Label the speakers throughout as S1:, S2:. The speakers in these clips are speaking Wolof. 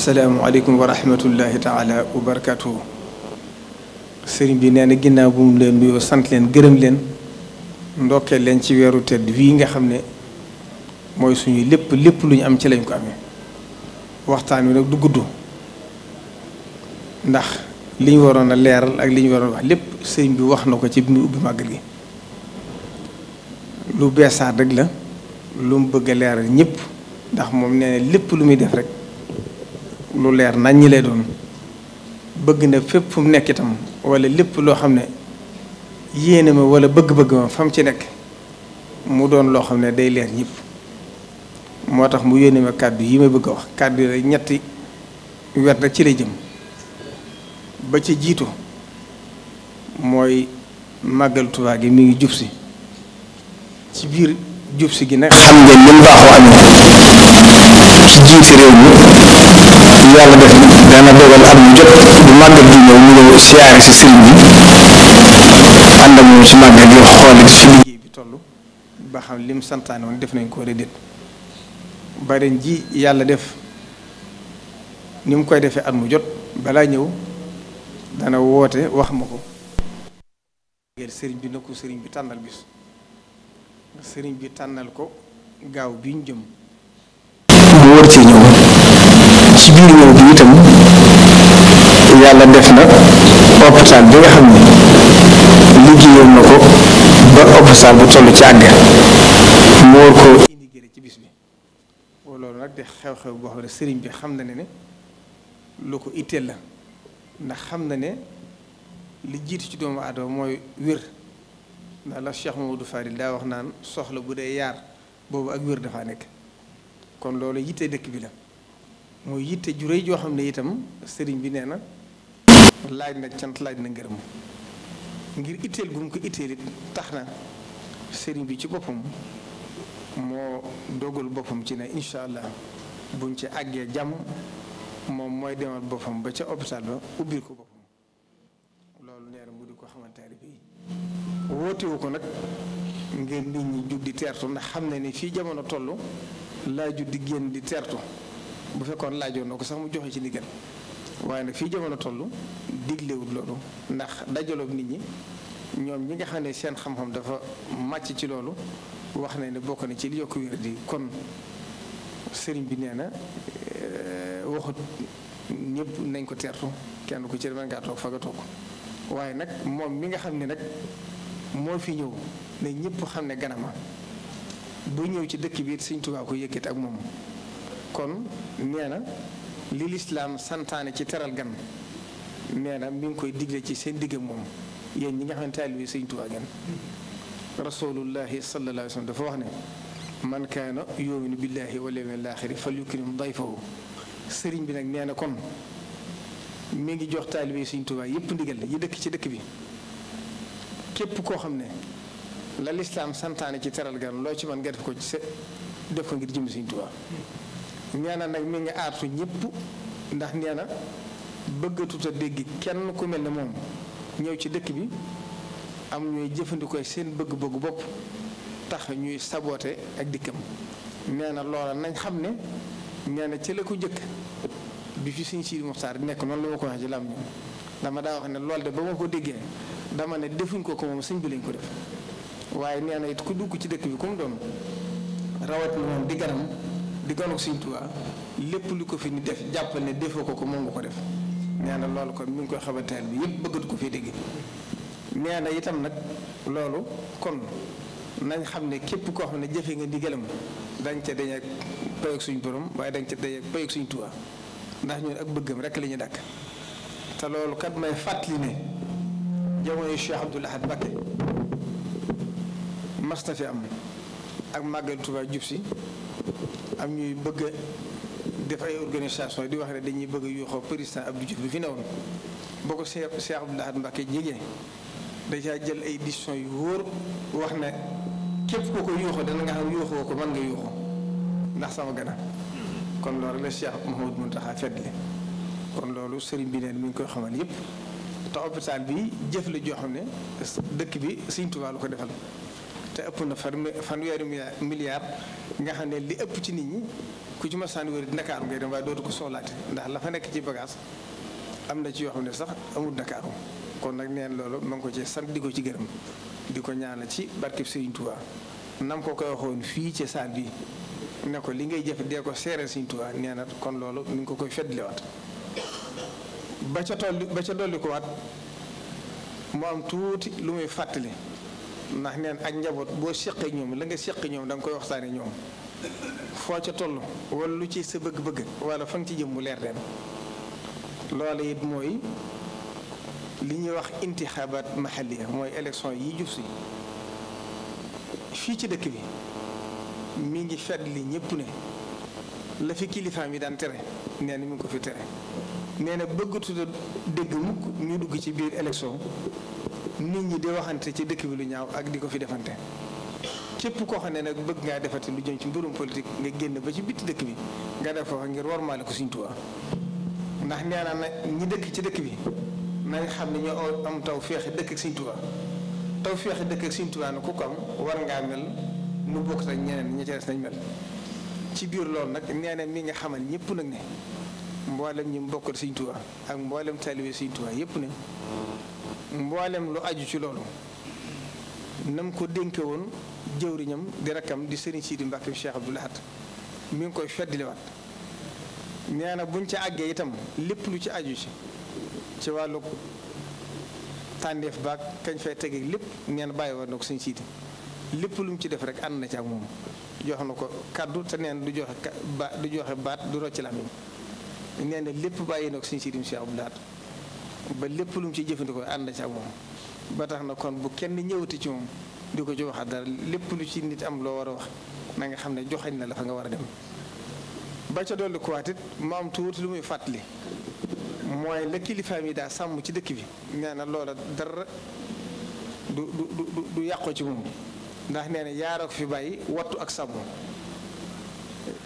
S1: asalaamualeykum wa rahmatullahi taala wa barakatuhu sëriñ bi nee na ginnaaw bu mu leen nuyoo sant leen gërëm leen ndokkee leen ci weeru tedd wii nga xam ne mooy suñuy lépp lépp lu ñu am ci lañ ko amee waxtaan wi nag du gudd ndax li ñu waroon a leeral ak li ñu waroon a wax lépp sëriñ bi wax na ko ci bi mu ubbi màggal gi lu beesaat rek la lu mu bëgg a leeral ñëpp ndax moom nee na lépp lu muy def rek lu leer nañ ñi lay doon bëgg na fépp fu nekk itam walla lépp loo xam ne yéene ma wala bëgg-bëgg ma fa ci nekk mu doon loo xam ne day leer ñépp moo tax mu yéene ma kàddu yi may bëgg a wax kàddu yi ñetti wet rek ci lay jëm ba ci jiito mooy màggal Tuubaa gi mi ngi jub si ci biir. jubsi gi nag xam ngeen ni mu baaxoo amee ci jiw si réew mi yàlla def dana dogal at mu jot bu màggal gi ñëw ñu ñëw siyaare si sëriñ bi ànd ak moom si màggal gi xool si toll ba xam li def nañ ko wala ji yàlla def ni mu koy defee at jot balaa ñëw dana woote wax ma ko sëriñ bi na ko sëriñ bi tànnal bis sëriñ bi tànnal ko gaaw bi ñu jëm. mu war ci ñëw ci biir ñëw bi itam yàlla def na hôpital bi nga xam ne liggéeyoon na ko ba hôpital bu toll ci àgg mu war ko intégré ci bis bi loolu nag di xew-xew boo xam ne sëriñ bi xam na ne ne lu ko ite la ndax xam na ne li jiitu ci doomu aadama mooy wér. ndax la Cheikh Mamadou Fadil daa wax naan soxla bu dee yaar boobu ak wér dafa nekk kon loolu yitte dëkk bi la mooy yitte ju rëy joo xam ne itam sëriñ bi nee na laaj na cant laaj na ngërëm ngir itteel gu mu ko itteel tax na sëriñ bi ci boppam moo dogal boppam ci ne incha allah buñ ci àggee jàmm moom mooy demal boppam ba ca hôpital ba ubbil ko boppam wootewu ko nag ngir nit ñi jug di teertu ndax xam ne ni fii jamono toll laaju di génn di teertu bu fekkoon laajoon na ko sax mu joxe ci ndigal waaye nag fii jamono toll diglewut loolu ndax dajaloob nit ñi ñoom ñi nga xam ne seen xam-xam dafa màcc ci loolu wax nañ ne bokk na ci li yokk wér di kon sëriñ bi nee na euh, waxut ñépp nañ ko teertu kenn ku ci mën fagatoo toog waaye nag moom mi nga xam ne nag moo fi ñëw ne ñëpp xam ne ganama bu ñëw ci dëkk bi Sëñ Tuubaa ko ak moom kon nee na li lislaam santaane ci teral gan nee na mi ngi koy digle ci seen digg moom yéen ñi nga xam ne taalibe Sëñ Tuubaa ngeen rasulullahi sallallahu alayhi wa sallam dafa wax ne man kaana yuminu billahi wal yawmil aaxiri fal yukrim dayfahu sëriñ bi nag nee na kon mi ngi jox taalibe Sëñ Tuubaa yëpp ndigal yi dëkk ci dëkk bi képp koo xam ne la lislaam santaane ci teral gan loo ci man nga def ko ci sa def ko ngir jëm Sëriñ Tuubaa nee na nag mi ngi aartu ñëpp ndax nee na bëggatut dégg kenn ku mel ne moom ñëw ci dëkk bi am ñooy jëfandikoo seen bëgg-bëgg bopp tax ñuy saboote ak dikkam nee na loola nañ xam ne nee na ci la ko jëkk bi fi Sëriñ Sidi Muxtaar nekk noonu la ma ko waxee ci lam dama daa wax ne loolu de ba ma ko déggee dama ne defuñ ko ko moom suñ bi lañ ko def waaye nee na it ku dugg ci dëkk bi ku mu doon rawat na moom di ganam di ganuk sëñ Tuubaa lépp lu ko fi ni def jàppal ne defoo ko ko moom nga ko def nee loolu kon mu ngi koy xabantaal bi yëpp bëggatu ko fi dégg nee na itam nag loolu kon nañ xam ne képp koo xam ne jëfe nga ndigalam dañ ca dañ ak payoog suñ borom waaye dañ ca dañ ak payoog suñ Tuubaa ndax ñun ak bëggam rek lañuy ñu dàkk te loolu kat may fàttali ne جوني الشيخ عبد الله بكري مصطفي ام اك ماغ توبا جوبسي ام ني بغ ديف اي اورغانيزاسيون دي واخ ري دني بغ يوخو بريستان عبد الجوب في نون بوكو شيخ شيخ عبد الله مكي نيغي ديجا جيل اي ديسيون يور واخنا كيب كوكو يوخو دا نغا خاو يوخو كو مان يوخو ناخ سما غنا كون لور لي شيخ محمود منتخا فدلي كون لولو سيرين بي نين مي كوي خمال ييب te hôpital bi jëf la joo xam ne dëkk bi Sëriñ Tuubaa la ko defal te ëpp na fanweeri milliard nga xam ne li ëpp ci nit ñi ku ci ma masaan wér Ndakaaru ngay dem waaye dootu ko soxlaate ndax la fa nekk ci bagage am na ci yoo xam ne sax amul Ndakaaru kon nag neen loolu ma ko ci sant di ko ci di ko ñaanal ci barkeb Sëriñ Tuubaa nam ko koy waxoon fii ci saal bi ne ko li ngay jëf dee ko seere Sëriñ Tuubaa nee na kon loolu mi ngi ko koy feddliwaat ba ca tolli ba ca dolli ko waat mu am tuuti lu muy fàttali ndax neen ak njaboot boo seqee ñoom la nga seqee ñoom danga nga koy waxtaanee ñoom foo ca toll wala lu ci sa bëgg-bëgg wala fa nga ci jëm mu leer leen loola it mooy li ñuy wax intixaabaat maxaliya mooy élection yi jub si fii ci dëkk bi mi ngi fedd li ñépp ne la fi kilifaam yi daan tere nee na mi ngi ko fi tere nee na bëggatu dégg mukk ñu dugg ci biir élection nit ñi di waxante ci dëkk bi lu ñaaw ak di ko fi defante képp koo xam ne nag bëgg ngaa defati lu jëm ci mbirum politique nga génn ba ci bitti dëkk bi nga def fa ngir wormaale ko Sëriñ Tuubaa ndax nee nag ñi dëkk ci dëkk bi xam ne ñoo am taw feexe dëkk ak taw feexe dëkk ak Sëriñ Tuubaa am war ngaa mel nu bokk ak ñeneen ñi ca des nañ mel ci biir lool nag nee mi nga xamal ñëpp nag ne mboolem ñi mbokkal Sëriñ Tuubaa ak mboolem taalibe Sëriñ Tuubaa yépp ne mboolem lu aju ci loolu nam ko dénke woon jëwriñam di rakkam di Sëriñ Sidi Mbàkke Cheikh Abdou Lahad mi ngi koy feddliwaat nee na buñ ca àggee itam lépp lu ci aju ci ci wàllu tàndeef baag kañ fay tegee lépp nee bàyyi woon na ko Sëriñ Sidi lépp lu ci def rek ànd na ci ak moom jox na ko kàddu te neen du joxe ba du joxe baat du rocc làmmiñ nee na lépp bàyyi na ko suñu sirim si ab laat ba lépp lum mu ci jëfandikoo ànd na ci ak moom ba tax na kon bu kenn ñëwati ci moom di ko ci wax waxaat dara lépp lu ci nit am loo war a wax na nga xam ne joxañ na la fa nga war a dem ba ca dolli ko waatit maam tuuti lu muy fàttali mooy la kilifaam yi daa sàmm ci dëkk bi nee na loola dara du du du yàqoo ci moom ndax nee na yaara ko fi bàyyi wattu ak sàmm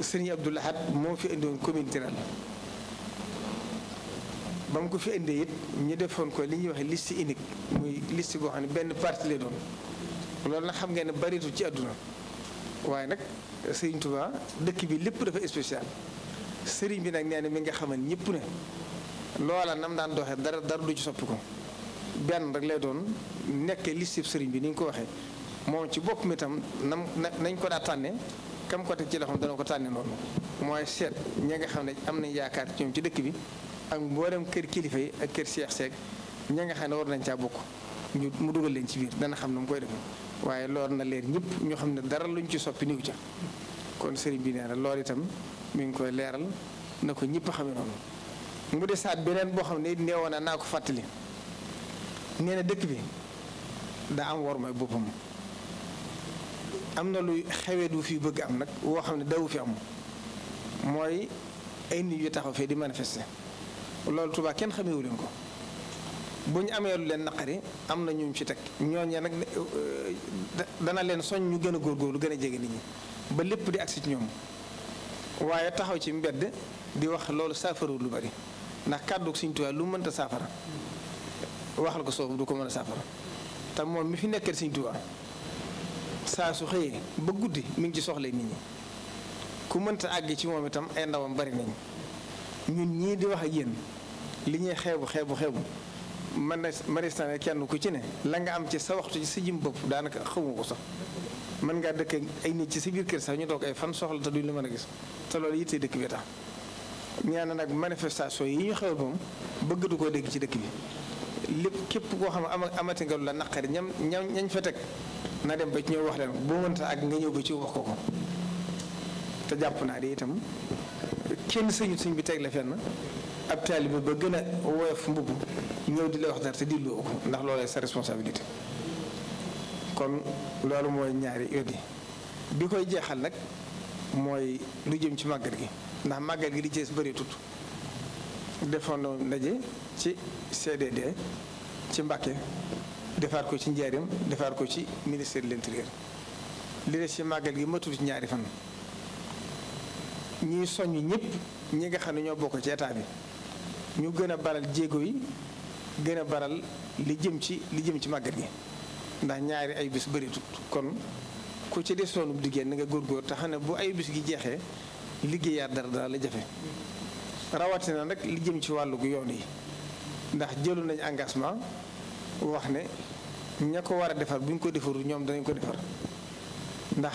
S1: sëriñ Abdou Lahad moo fi indiwoon commune Tiral ba mu ko fi indee it ñu defoon ko li ñuy waxee liste unique muy listi boo xam ne benn parti lay doon loolu nag xam ngeen ne baritu ci àdduna waaye nag Serigne Touba dëkk bi lépp dafa spécial Serigne bi nag nee na mi nga xaman ñëpp ne loola nam daan doxee dara dara du ci soppi ko benn rek lay doon nekkee liste sëriñ bi ni ñu ko waxee moom ci bopp mi tam nam nañ ko daa tànne kam ko teg ci loxoom dana ko tànne noonu mooy seet ñi nga xam ne am nañ yaakaar ci dëkk bi. ak mboolem kër kilifa yi ak kër Cheikh Seck ña xam ne war nañ caa bokk ñu mu dugal leen ci biir dana xam ne mu koy defee waaye loolu na leer ñëpp ñu xam ne dara luñ ci soppi niw ca kon sëriñ bi nee na lool itam mi ngi koy leeral na ko ñëpp xamee noonu mu de beneen boo xam ne neewoon na naa ko fàttali nee dëkk bi daa am war may boppam am na luy xewee du fi bëgg am nag woo xam ne daw fi am mooy ay nit yu taxaw fee di manifester loolu Touba kenn xamewu leen ko bu ñu amee lu leen naqari am na ñu ci teg ñooñee nag dana leen soñ ñu gën a góorgóorlu gën a jege nit ñi ba lépp di agsi ci ñoom waaye taxaw ci mbedd di wax loolu saafaru lu bari ndax kàddu Sëriñ Tuubaa mënta saafara waxal ko soobu du ko mën a saafara te moom mi fi nekkal siñ Tuubaa saa su xëyee ba guddi mi ngi ci soxla nit ñi ku mënta àgg ci moom itam ay ndawam bari nañu. ñun ñii di wax a yéen li ñuy xeebu xeebu xeebu man na maristan kenn ku ci ne la nga am ci sa waxtu ci sa jëm bopp daanaka xamu ko sax mën ngaa dëkk ay nit ci sa biir kër sax ñu toog ay fan soxla te duñ la mën a gis te loolu yittee dëkk bi tax ñaan nag manifestation yi ñu xewal moom bëggatu koo dégg ci dëkk bi lépp képp koo xam ne amati nga lu la naqari ñam ñam ñañ fa teg na dem ba ci ñëw wax leen boo mënta ak nga ñëw ko ci wax ko ko te jàpp naa di itam kenn sëñu sëñ bi teg la fenn ab taalibe ba gën a woyof mbubb ñëw di la wax dara te dilloo ko ndax loolu sa responsabilité kon loolu mooy ñaari yoddi bi koy jeexal nag mooy lu jëm ci màggal gi ndax màggal gi di cees bëri tut defoon ndaje ci CDD ci Mbàkke defaat ko ci njaarim defar ko ci ministère de l'intérieur li des ci màggal gi matul ci ñaari fan ñuy soññ ñëpp ñi nga xam ne ñoo bokk ci état bi ñu gën a baral jéego yi gën a baral li jëm ci li jëm ci màgget gi ndax ñaari ay bis bëritut kon ku ci desoonub liggéey na nga góorgóor te xam ne bu ay bis gi jeexee liggéeyaat dara dara la jafe rawatina nag li jëm ci wàllu gu yoon yi ndax jëlu nañ engagement wax ne ña ko war a defar bu ñu ko defaru ñoom danañ ko defar ndax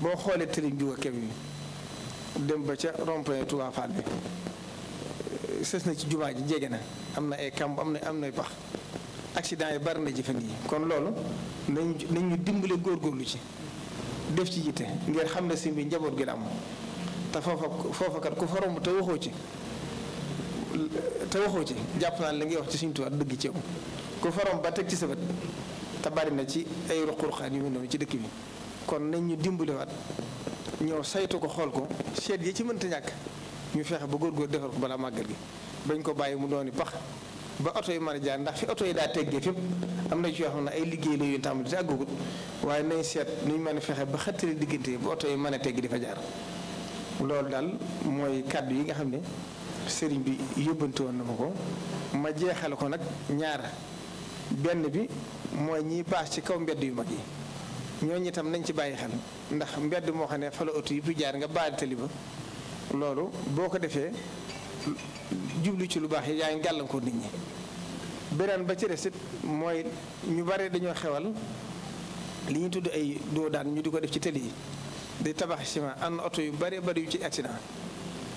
S1: boo xoolee tëriñ juga kem yi dem ba ca rond-point Touba bi eh, sës na ci jumaa ji jege na am na ay kamb am na am nay pax accident yi bari na ji yi kon loolu nañ nañ ñu góor góorgóorlu ci def ci yitte ngir xam na si njaboot gi la am te foofa foofa kat ku fa romb te waxoo ci te waxoo ci jàpp naa li ngay wax ci suñu tubaab dëgg ceebu ku fa romb ba teg ci sa te bari na ci ay ruq-ruqaan yu mel ci dëkk bi kon nañ ñu dimbalewaat ñëw saytu ko xool ko seet yi ci mënta ñàkk ñu fexe ba góor defar ko balaa màggal gi bañ ko bàyyi mu dooni pax ba oto yi mën a jaar ndax fi oto yi daa teggee fépp am na ci yoo ay liggéey la yu tàmbali waaye nañ seet nuñ mën a fexe ba xëttali diggante ba oto yi mën a tegg di fa jaar loolu daal mooy kàddu yi nga xam ne sëriñ bi yóbbante woon na ma ko ma jeexale ko nag ñaar benn bi mooy ñiy baas ci kaw mbedd yu mag yi ñooñu itam nañ ci bàyyi xel ndax mbedd moo xam ne fa la oto yi bu jaar nga baal tali ba loolu boo ko defee jublu ci lu baax yi yaa ngi gàllankoor nit ñi. beneen ba ci resit mooy ñu bare dañoo xewal li ñu tudd ay doo daan ñu di ko def ci tali yi di tabax ciment am oto yu bare bari yu ci accident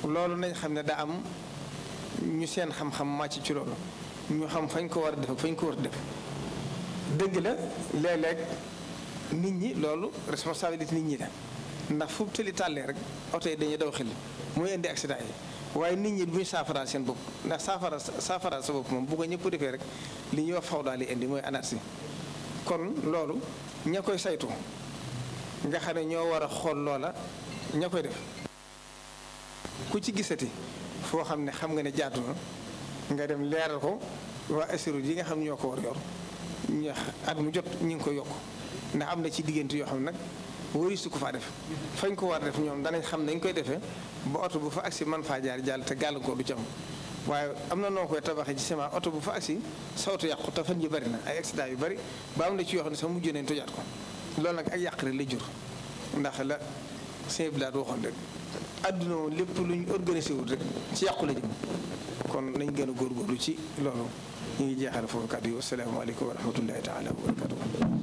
S1: loolu nañ xam ne daa am ñu seen xam-xam màcc ci loolu ñu xam fañ ko war a def fañ ko war a def dëgg la léeg-léeg nit ñi loolu responsabilité nit ñi la ndax fu tëli tàllee rek oto yi dañuy daw xel mooy indi accident yi waaye nit ñi bu ñu saafaraal seen bopp ndax saafara saafaraal sa bopp moom bu ko ñëpp defee rek li ñuy wax faw daal di indi mooy anarchie kon loolu ña koy saytu nga xam ne ñoo war a xool loola ña koy def ku ci gisati foo xam ne xam nga ne jaatu na nga dem leeral ko waa assurance yi nga xam ñoo ko war yor ñax at mu jot ñu ngi koy yokk. ndax am na ci diggante yoo xam nag wari su ko faa def fañ ko war def ñoom danañ xam nañ koy defee ba oto bu fa agsi man faa jaar jàll te gàllankoor du ci am waaye am na noo koy tabaxee ci ciment oto bu fa agsi sawtu yàqu te fan yu bari na ay accident yu bari ba am na ci yoo xam ne sax mujj nañ tojaat ko loolu nag ay yàq rek la jur ndax la sëñ Bilade waxoon rek adduna woon lépp lu ñu organisé wul rek ci yàqu la jëm kon nañ gën a lu ci loolu ñu ngi jeexal foofu kàddu yi wasalaamaaleykum wa rahmatullahi taala